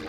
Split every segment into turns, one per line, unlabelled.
you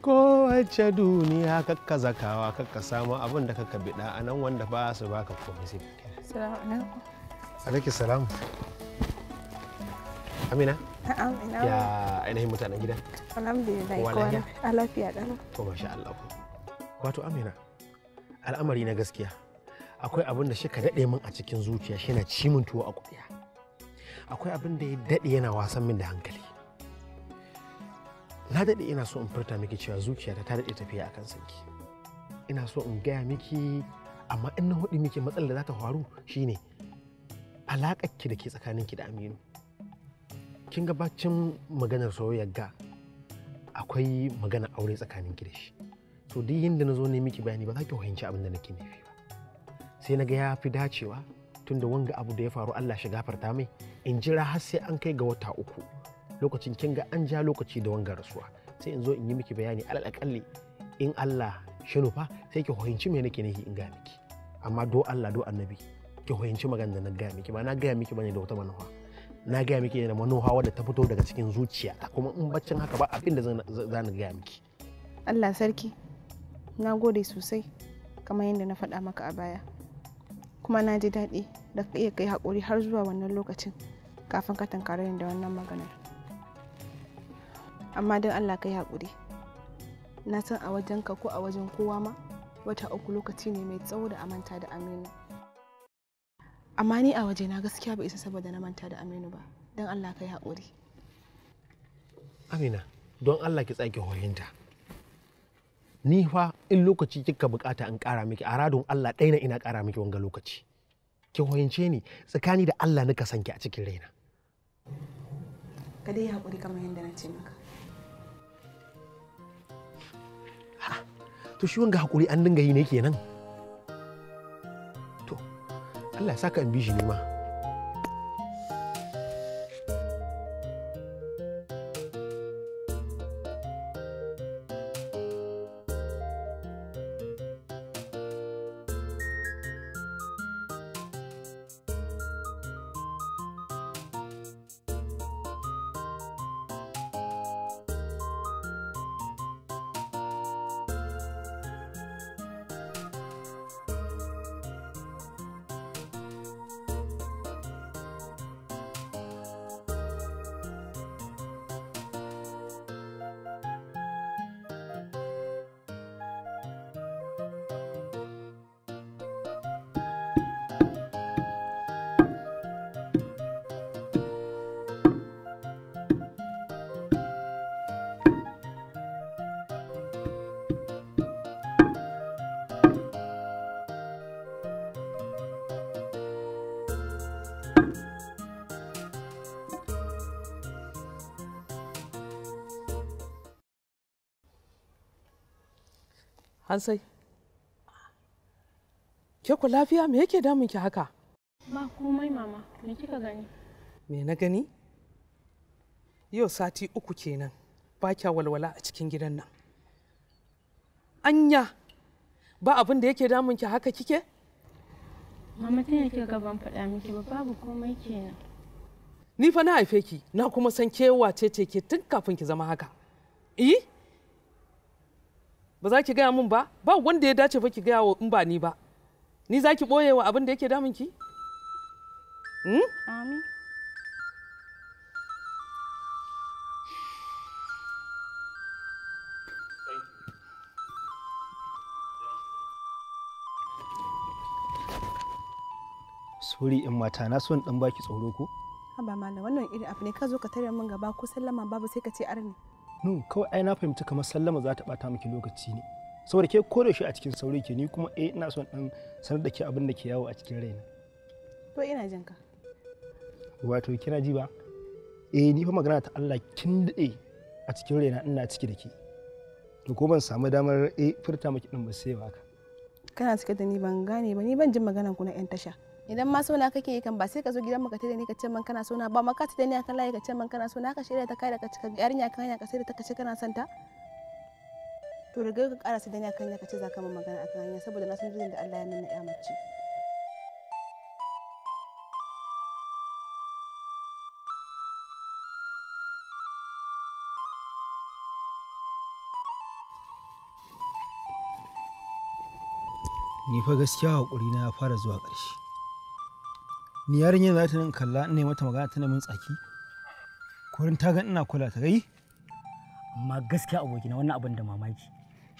kowace duniya kakka zakawa kakka samu abin da kakka biɗa a nan wanda ba su baka komai sai alaiki salam amina ya ainihin mutanen gida
alhamdulillah a lafiya ɗan
to masha Allah wato amina al'amari na gaskiya akwai abin da shi ka daɗe min a cikin zuciya shi na cimin tuwo a kuɗiya akwai abin da ya daɗe yana wasan min da hankali na daɗe ina so in furta miki cewa zuciya ta daɗe tafiya akan sanki ina so in gaya miki amma in na hudu miki matsalar da za ta faru shine alaƙarki da ke ki da aminu kin gabacin maganar soyayya ga akwai magana aure tsakanin da shi to duk yadda na zo ne miki bayani ba za ki fahimci abin da nake nufi ba sai na ga ya fi dacewa tunda wanga abu da ya faru Allah shi gafarta mai in jira har sai an kai ga wata uku lokacin kin ga an ja lokaci da wanga rasuwa sai in zo in yi miki bayani alal akalli in Allah shi fa sai ki fahimci me nake nihi in ga miki amma do Allah do annabi ki fahimci magana da na ga miki ba na ga miki bane da wata manufa na ga miki ne da manufa wadda ta fito daga cikin zuciya kuma in baccin haka ba abin da zan ga miki
Allah sarki na gode sosai kamar yadda na faɗa maka a baya kuma na ji daɗi da ka iya kai haƙuri har zuwa wannan lokacin kafin ka tankare da wannan maganar amma don allah ka yi haƙuri na san a wajenka ko a wajen kowa ma wata uku lokaci ne mai tsawo da amanta da aminu amma ni a waje na gaskiya ba isa saboda na manta da aminu ba don allah ka yi haƙuri
amina don allah ki tsaki hoyinta ni fa in lokaci kika bukata in ƙara miki a radon allah ɗaya ina ƙara miki wanga lokaci ki hoyince ni tsakani da allah nika sanki a cikin raina
ka dai haƙuri kamar yadda na ce maka
to shi wanga hakuri an dinga yi ne kenan to Allah ya saka in bi shi ne ma
An sai. Ke ku lafiya me yake damun ki haka? Ba komai mama, me kika gani? Me na gani? Yau sati uku kenan. Ba kya walwala a
cikin gidan nan.
Anya ba abin da yake damun ki haka kike? Mama tun yake gaban faɗa miki ba babu komai kenan. Ni fa na haife ki, na kuma san ke wace ce ke tun kafin ki zama haka. Eh? ba za ki gaya min ba ba wanda ya dace ba ki gaya wa in ba ni ba ni za ki ɓoye wa abin da yake damun ki? Hmm? amin
sorry in mata na son dan baki tsoro ko?
Haba malam wannan iri abu ne ka zo ka tare min gaba ko sallama babu sai ka ce arni.
nun hmm, kawai ai na fahimci kamar sallama za ta bata miki lokaci ne saboda ke kore shi a cikin sauri ke ni kuma eh ina son dan sanar da ke abin da ke yawo a cikin raina to ina jin ka wato kina ji ba eh ni fa magana ta Allah kin dade a cikin raina ina ciki da ke to ko ban samu damar eh furta miki din ba sai ba ka
kana cike da ni ban gane ba ni ban jin maganan ku na yan tasha idan ma sona kake kan ba sai ka zo gidan mu ka tare ni ka ce man kana sona ba ma ka tada ni akan layi ka ce man kana sona ka shirya ta kai da ka cika yarinya kan hanya ka sai da ta kace kana santa to daga ka karasa da ni akan hanya ka ce za ka min magana akan hanya saboda na san jin da Allah ya nuna ya mace
ni fa gaskiya hakuri na ya fara zuwa ƙarshe ni yarinya za ta nan kalla ne mata magana tana min tsaki kurin ta ga ina kula ta gai amma gaskiya
abokina wannan abin da mamaki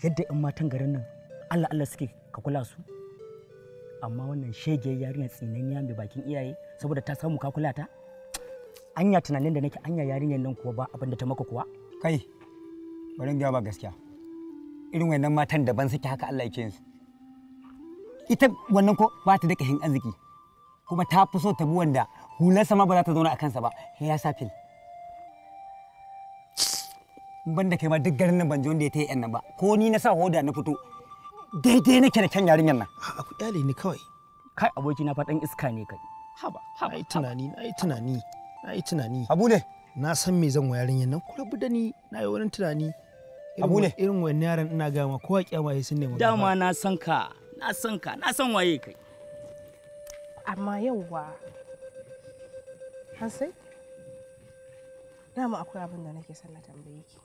yadda yan matan garin nan Allah Allah suke ka kula su amma wannan shege yarinya tsinaniya mai bakin iyaye saboda ta samu ka kula ta anya tunanin da nake anya yarinyar nan kuwa ba abin da ta maka kuwa kai bari
ga ba gaskiya irin wannan matan daban suke haka Allah yake yin su ita wannan ko ba ta daka hin arziki kuma ta fi so ta bi wanda hularsa ma ba za ta zauna a kansa ba ya sa fil ban da kai ma duk garin nan ban ji wanda ya ta yi yan nan ba ko ni na sa hoda na fito daidai nake da kyan yarinyar nan a ku yale ni kawai kai aboki na faɗan iska ne kai haba haba ai tunani na yi tunani na yi tunani abu ne na san me zan wa yarinyar nan ku rabu da ni na yi wani tunani abu ne irin wani yaran ina gama kowa kyama ya sun ne dama
na san ka na san ka na san waye kai
amma yauwa hansai dama akwai abin da nake son na tambaye ki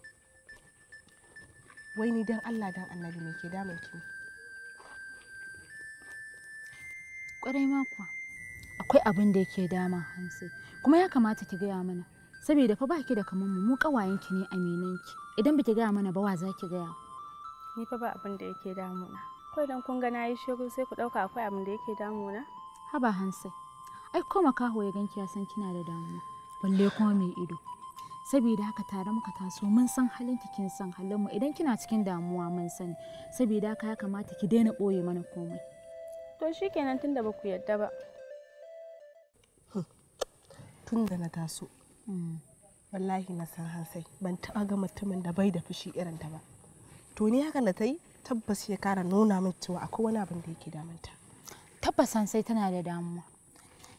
wai ni dan allah dan annabi ne ke damun ki
kwarai ma kuwa akwai abin da yake dama hansi kuma ya kamata ki gaya mana saboda fa baki da kaman mu mu ki ne aminanki idan ki gaya mana ba wa za ki gaya
ni fa ba abin da yake damuna kawai dan kun ga nayi shiru sai ku dauka akwai abin da yake damuna
haba hansai ai ko makaho ya ganki ya san kina da damuwa balle kuma mai ido saboda haka tare muka taso mun san halin ki kin san halin mu idan kina cikin damuwa mun sani saboda haka ya kamata ki daina boye mana komai
to shikenan tunda ba ku yadda ba tun da na taso mm. wallahi na san hansai ban taɓa ga mutumin da bai da fushi irin
ta ba to ni haka na ta yi tabbas ya kara nuna min cewa akwai wani abin da yake damunta tabbasan sai tana da damuwa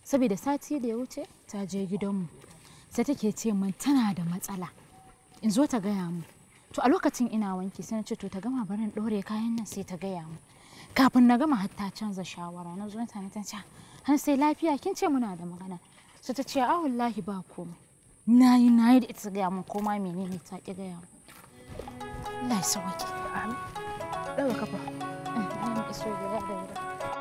saboda sati da ya wuce ta je gidanmu sai take ce min tana da matsala in zo ta gaya mu to a lokacin ina wanki sai na ce to ta gama barin ɗore kayan nan sai ta gaya mu kafin na gama har canza shawara na zo ta ta ce har sai lafiya kin ce muna da magana sai ta ce a ah, wallahi ba komai nayi nayi da ita gaya mu koma menene ta ki gaya mu Allah ya sauke amin kafa eh,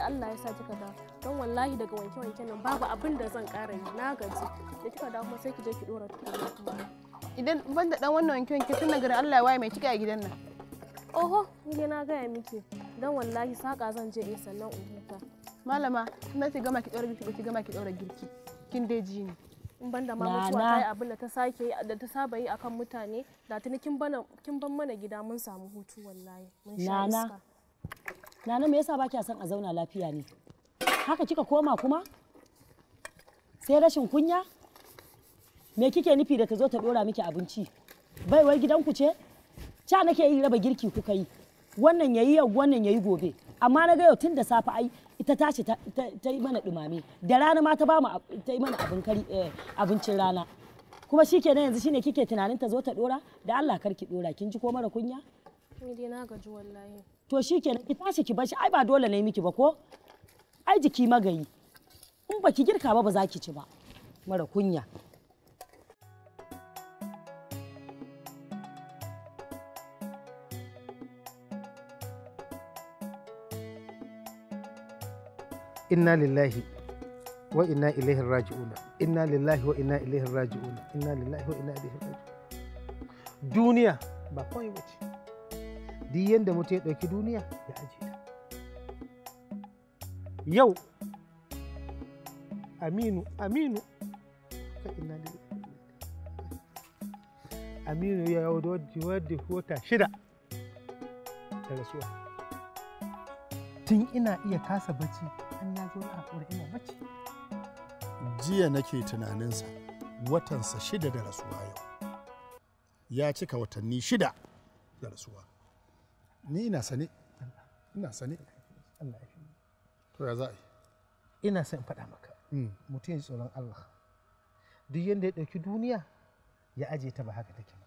da Allah ya sa kika da don wallahi daga wanke wanke nan babu abin da zan kara yi na gaji da kika da kuma sai ki je ki dora tukunya idan ban da dan wannan wanke wanke tun daga Allah ya waye mai kika a gidan nan oho ni na ga ya miki don wallahi saka zan je in sannan in huta malama na ki gama ki dora girki ki gama ki dora girki kin dai ji ni in ban da ma mutuwa ta yi abin da ta sake da ta saba yi akan mutane da tuni kin ban mana gida mun samu hutu wallahi mun sha iska
Nana me yasa baki son a zauna lafiya ne? Haka kika koma kuma? Sai rashin kunya? Me kike nufi da ta zo ta dora miki abinci? Baiwar gidanku ce? Ca nake yi raba girki kuka yi. Wannan yayi yau, wannan yayi gobe. Amma na ga yau tun da safe ai ita tashi ta yi mana dumame. Da rana ma ta ba mu ta yi mana eh, abincin rana. Kuma shikenan yanzu shine kike tunanin ta zo ta dora? Da Allah karki dora. Kin ji ko mara kunya?
Ni dai na wallahi.
to shi kenan ki tashi ki bashi ai ba dole ne miki ba ko ai jiki magayi in ba ki girka ba ba za ki ci ba mara kunya
inna lillahi wa inna ilaihi raji'una inna lillahi wa inna ilaihi raji'una inna lillahi wa inna ilaihi raji'una duniya ba kawai bace duk yadda mutum ya ɗauki duniya ya ajiye ta yau aminu aminu aminu ya yau da wata shida da rasuwa tun ina iya kasa bacci an ya zo a ina bacci jiya nake tunaninsa watansa shida da rasuwa yau ya cika watanni shida da rasuwa ni ina sane ina sane Allah ya to ya za ina son faɗa maka hmm. mutum ya tsoron Allah duk yadda ya ɗauki duniya ya aje ta ba haka take ba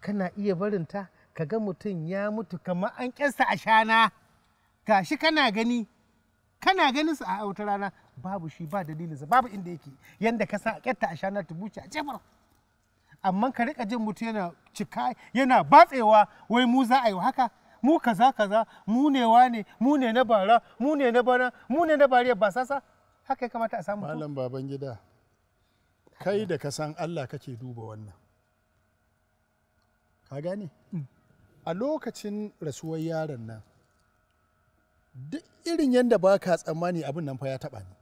kana iya barin ta ka ga mutum ya mutu kamar an kyansa a shana shi kana gani kana ganin su a wata rana babu shi ba dalilinsa babu inda yake yanda ka sa a kyatta a shana ta buce a jefar amma ka rika jin mutum yana cika yana batsewa wai mu za a yi haka mu kaza kaza mu ne wane mu ne na bara mu ne na bana mu ne na bariya ba sasa haka ya kamata a samu malam baban gida kai da ka san Allah kake duba wannan ka gane mm. a lokacin rasuwar yaron nan duk irin yadda ba ka tsammani abin nan fa ya taɓa ni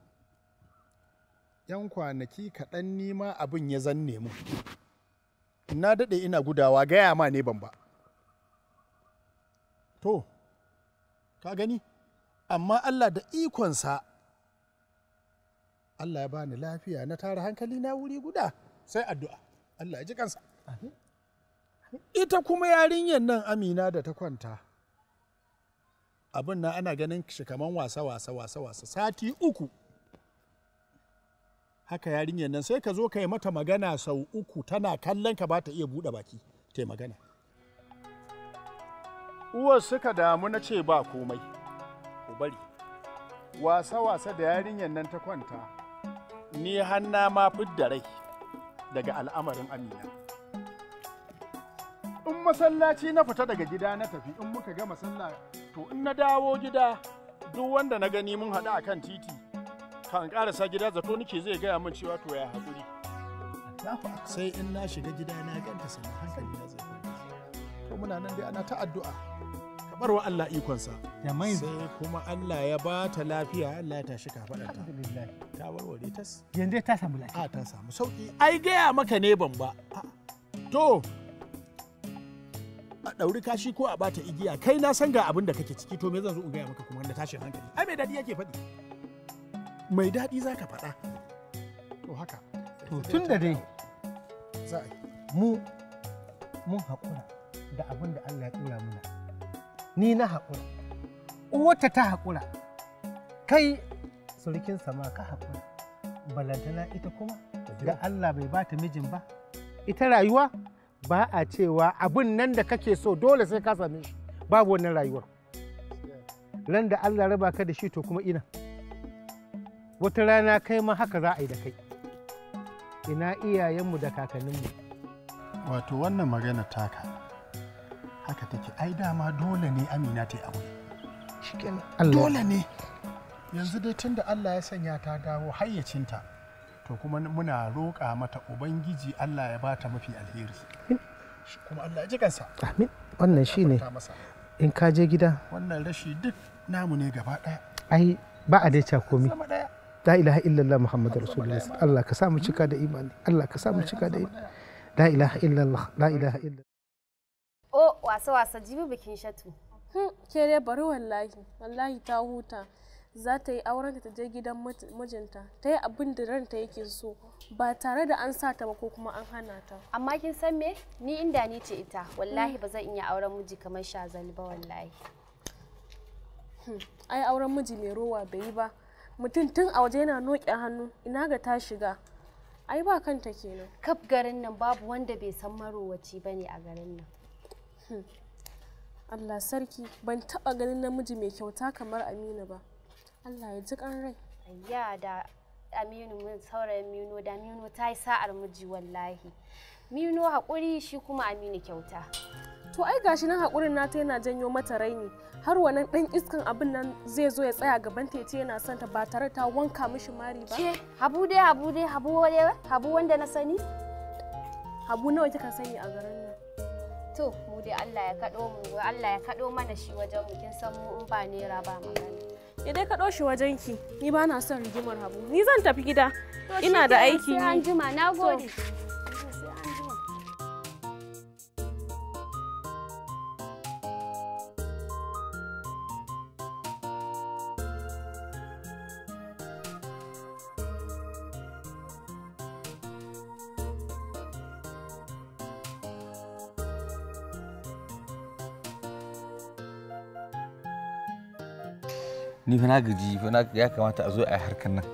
yan kwanaki kaɗan nima abin ya zanne mu na daɗe ina gudawa gaya ma ne ban ba to ka gani amma allah da ikonsa allah ya bani lafiya na tara hankali na wuri guda sai addu'a allah ya ji kansa ita kuma yarinyar nan amina da ta kwanta abin na ana ganin shi kaman wasa wasa wasa wasa sati uku haka yarinyar nan sai ka zo ka yi mata magana sau uku tana kallon ka ba ta iya buɗe baki ta magana uwar suka damu na ce ba komai ku bari wasa-wasa da yarinyar nan ta kwanta ni hanna ma fidda rai daga al'amarin amina in masallaci na fita daga gida na tafi in muka gama sallah to in na dawo gida duk wanda na gani mun haɗu a kan titi kan karasa gida zato nake zai gaya min cewa to ya haƙuri sai in na shiga gida na ganta sama hankali na zai to muna nan dai ana ta addu'a kabar wa Allah ikonsa sai kuma Allah ya ba ta lafiya Allah ya tashi ka faɗa ta ta warware tas yanzu ta samu lafiya a ta samu sauki ai gaya maka ne ban ba to a ɗauri kashi ko a bata igiya kai na san ga abin da kake ciki to me zan zo in gaya maka kuma wanda tashin hankali ai me dadi yake faɗi mai daɗi za ka faɗa to haka to tun da dai za mu mun haƙura da abin da Allah ya muna ni na haƙura uwata ta haƙura kai surukin sama ka haƙura balantana ita kuma da Allah bai bata mijin ba ita rayuwa ba a cewa abin nan da kake so dole sai ka same shi babu wannan rayuwar ran da Allah raba ka da shi to kuma ina wata rana kai ma haka za a yi da kai ina iyayenmu da kakanninmu wato wannan magana taka haka take ai dama dole ne amina ta yi aure dole ne yanzu dai tun da allah ya sanya ta dawo hayyacinta to kuma muna roƙa mata ubangiji allah ya bata mafi alheri kuma allah ya ji amin wannan ne. in ka je gida wannan rashi duk namu ne gaba ɗaya ai ba a dai komi la ilaha illallah muhammadu rasulullah Allah ka samu cika da imani Allah ka samu cika da imani la ilaha illallah la ilaha illallah
o wasa
wasa jibi bikin shatu hmm,
ke dai bari wallahi wallahi ta huta za ta yi auren ta je gidan mijinta ta yi abin da ranta yake so ba tare da an sa ta ba ko kuma an hana ta amma kin san me ni inda ni ce ita wallahi hmm. ba zan iya auren miji kamar shazali ba wallahi hmm, ai auren miji mai rowa bai yi ba mutum tun a waje yana noƙe hannu ina ga ta shiga ai ba kanta kenan kaf garin nan babu wanda bai san marowaci ba ne a garin nan hmm. allah sarki ban taɓa ganin namiji mai kyauta kamar Amina ba allah ya ji kan rai
ya da aminu mun saurayin mino da mino ta yi sa'ar
miji wallahi mino haƙuri shi kuma aminu kyauta to ai gashi nan haƙurin nata yana janyo mata raini har wannan ɗan iskan abin nan zai zo ya tsaya gaban tece yana son ta ba tare ta wanka mishi mari ba ke habu dai habu dai habu habu wanda na sani habu nawa kika sani a garin nan to mu dai Allah ya kado mu Allah ya kado mana shi wajen mu kin san mu in ba naira ba magana ya dai kaɗo shi wajen ki ni ba na son rigimar habu ni zan tafi gida ina da aiki ne an jima na
gode
ni fa na gaji fa na ya kamata a zo a yi harkan nan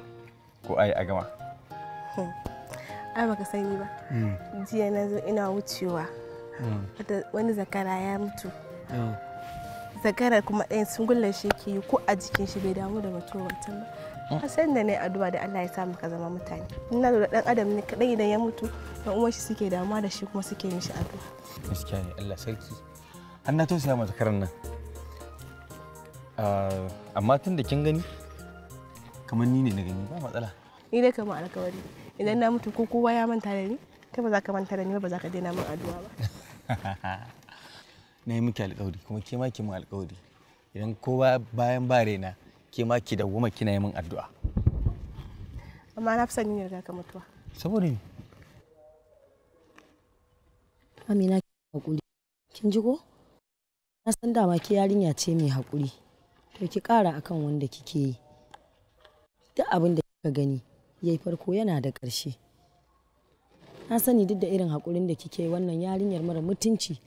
ko a yi a gama
hmm. ai baka sani ba hmm. jiya na zo ina wucewa hmm. wani zakara ya mutu oh. Zakara kuma ɗayan eh, sun shi ke yi ko a jikin shi bai damu da mutuwa wancan ba a san da ne addu'a da Allah ya sa muka zama mutane ina da dan adam ne kaɗai idan ya mutu dan uwan shi suke damuwa da shi kuma suke shi addu'a
gaskiya ne Allah sarki
an na tausaya ma nan Ah, amma tun da kin gani kamar ni ne na gani ba matsala
ni dai kamar alkawari idan na mutu ko kowa ya manta da ni kai ba za ka manta da ni ba za ka daina min addu'a ba
na yi miki alkawari kuma ke ma ki min alkawari idan kowa bayan ba raina ke ma ki
dawwama kina yi min addu'a
amma na fi son yin riga ka mutuwa
saboda ni Amina ki hakuri kin ji ko na san dama ke yarinya ce mai hakuri to ki ƙara akan wanda kike yi duk abin da kika gani yayi farko yana da ƙarshe na sani duk da irin haƙurin da kike wannan yarinyar mara mutunci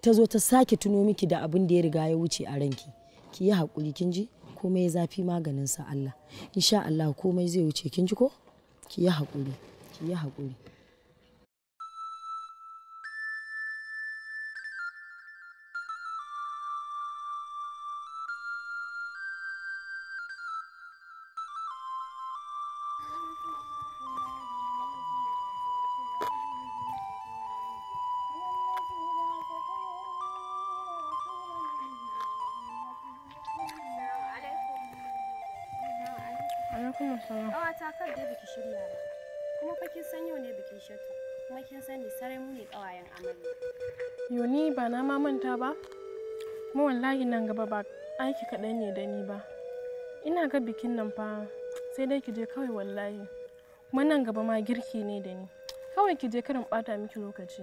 ta zo ta sake tuno miki da abin da ya riga ya wuce a ranki ki yi haƙuri kin ji komai zafi maganin sa Allah insha Allah komai zai wuce kin ji ko ki yi haƙuri ki yi haƙuri
Alaikum assalam. Ƙawata kar dai biki shirya ba. Kuma fa kin san yau ne bikin shatu. Kuma kin sani sarai mu ne ƙawayen amarya. ni ba na ma manta ba. Kuma wallahi nan gaba ba aiki kaɗan ne da ni ba. Ina ga bikin nan fa sai dai ki je kawai wallahi. Kuma nan gaba ma girki ne da ni. Kawai ki je karin ɓata miki lokaci.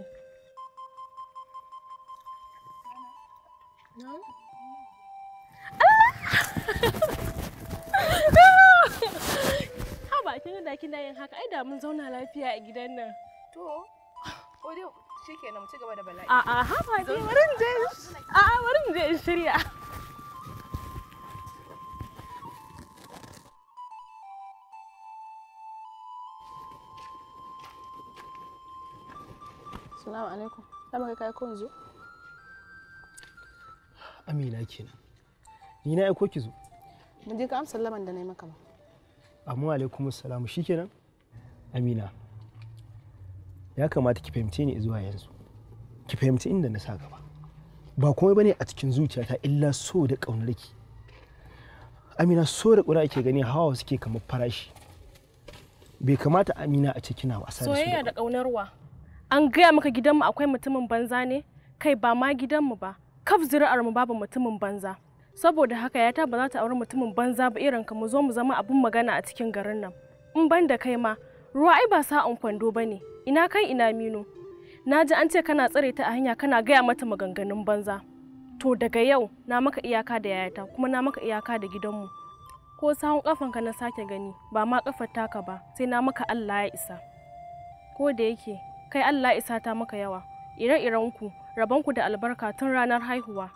da mun zauna lafiya a gidan nan. To, ko dai shi ke mu ci gaba da bala'i. A'a, haba dai, warin je,
a'a, warin je in shirya.
Assalamu alaikum. Dama kai kai ko zo?
Amina kenan. Ni na aiko ki zo.
Mun je ka amsa laman da na yi maka ba.
Amma alaikum assalamu shikenan. amina ya kamata ki fahimce ni zuwa yanzu ki fahimci inda na sa gaba ba komai bane a cikin zuciyata illa so da ƙaunar ki amina so da ƙauna ake gani hawa suke kamar farashi bai kamata amina a ce kina wasa da soyayya
da ƙaunarwa an gaya maka gidanmu akwai mutumin banza ne kai ba ma gidanmu ba kaf zuri'armu mu babu mutumin banza saboda haka ya ta ba za ta auri mutumin banza ba irin ka mu zo mu zama abun magana a cikin garin nan in ban da kai ma ruwa ai ba sa'an kwando ba ne ina kan ina mino na ji an ce kana tsare ta a hanya kana gaya mata maganganun banza to daga yau na maka iyaka da yayata kuma na maka iyaka da gidanmu ko sahun kafanka na sake gani ba ma kafar taka ba sai na maka allah ya isa ko da yake kai allah isa ta maka yawa ire-irenku rabonku da albarka tun ranar haihuwa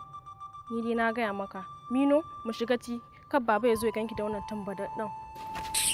ni dai na gaya maka mino mu shiga ci kan baba ya zo ya ganki da wannan tambadar ɗin